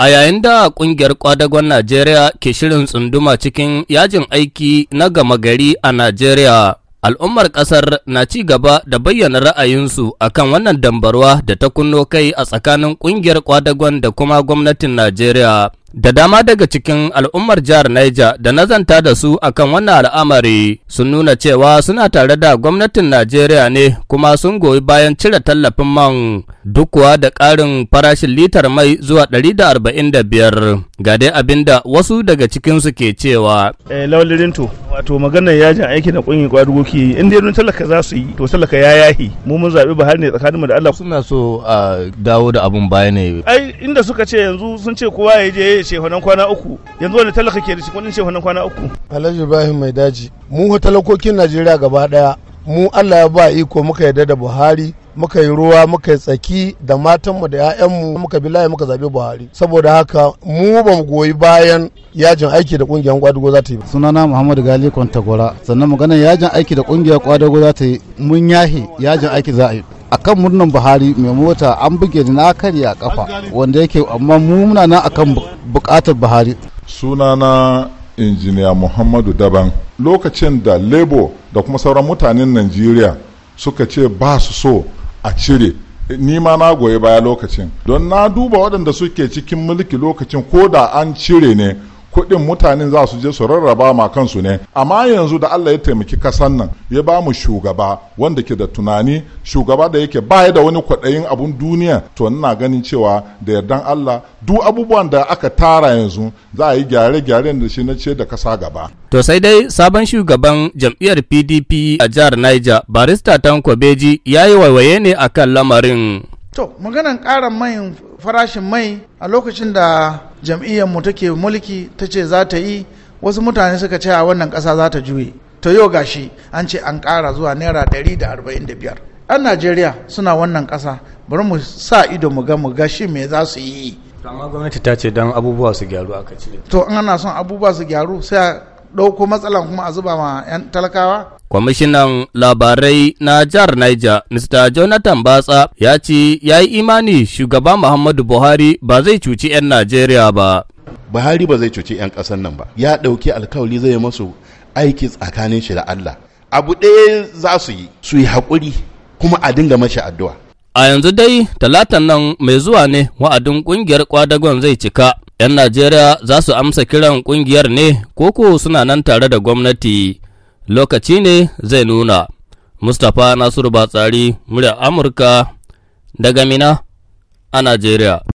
A yayin da ƙungiyar kwadagon Najeriya ke shirin tsunduma cikin yajin aiki na gama gari a Najeriya, al'ummar ƙasar na ci gaba da bayyana ra'ayinsu a kan wannan dambarwa da ta kunno kai a tsakanin ƙungiyar kwadagon da kuma gwamnatin Najeriya. Da dama daga cikin al'ummar jihar Niger da nazanta da su akan wannan al'amari sun nuna cewa suna tare da gwamnatin Najeriya ne kuma sun goyi bayan cire tallafin man duk da ƙarin farashin litar mai zuwa 145 ga dai abinda wasu daga cikinsu ke cewa. Eh, wato maganar yajin aiki da kungiyar kwadugo ke yi in dai don talaka za su yi to talaka ya yahi mu mun zabi Buhari ne tsakaninmu da Allah suna so a dawo da abun baya ne ai inda suka ce yanzu sun ce kowa ya je ya ce honan kwana uku yanzu wanda talaka ke da shi kudin ce honan kwana uku Alhaji Ibrahim Mai Daji mu talakokin Najeriya gaba daya mu Allah ya ba iko muka yarda da Buhari muka yi ruwa muka yi tsaki da matanmu da 'ya'yanmu muka bi layi muka zaɓi buhari saboda haka mu ba mu goyi bayan yajin aiki da ƙungiyar kwadago za ta yi sunana muhammadu gali kwantagora sannan magana yajin aiki da ƙungiyar kwadago za ta yi mun yahi yajin aiki za a yi akan murnan buhari mai mota an buge na karya a kafa wanda yake amma mu muna nan akan bukatar buhari sunana injiniya muhammadu daban lokacin da lebo da kuma sauran mutanen najeriya suka ce ba su so a cire ni ma na goyi baya lokacin don na duba waɗanda suke cikin mulki lokacin ko da an cire ne kuɗin mutanen za su je su rarraba ma kansu ne amma yanzu da Allah ya taimaki kasan nan ya ba mu shugaba wanda ke da tunani shugaba da yake baya da wani kwaɗayin abun duniya to ina ganin cewa da yardan Allah duk abubuwan da aka tara yanzu za a yi gyare-gyaren da shi na ce da kasa gaba. To sai dai sabon shugaban jam'iyyar PDP a jihar Niger barista Tanko Beji ya yi waiwaye ne akan lamarin. To maganan ƙaran mayin farashin mai a lokacin da jam'iyyarmu take mulki ta ce za ta yi wasu mutane suka ce a wannan ƙasa za ta juye to yau gashi an ce an ƙara zuwa naira da 145 'yan najeriya suna wannan ƙasa bari mu sa ido mu ga mu ga shi me za su yi amma gwamnati ta ce don abubuwa su gyaru aka cire to in ana son abubuwa su gyaru sai ɗauko matsalan kuma a zuba ma 'yan talakawa? Kwamishinan labarai na jihar Niger, Mr. Jonathan Batsa ya ce ya yi imani shugaba Muhammadu Buhari ba zai cuci 'yan Najeriya ba. Buhari ba zai cuci 'yan ƙasar nan ba. Ya ɗauki alkawali zai masu aiki tsakanin shi da Allah. Abu ɗaya za su yi, su yi haƙuri kuma a dinga mashi addu'a. A yanzu dai talatan nan mai zuwa ne wa'adin ƙungiyar kwadagon zai cika. 'yan Najeriya za su amsa kiran ƙungiyar ne koko suna nan tare da gwamnati lokaci ne zai nuna. Mustapha Nasiru Batsari, murya Amurka daga Mina a Najeriya.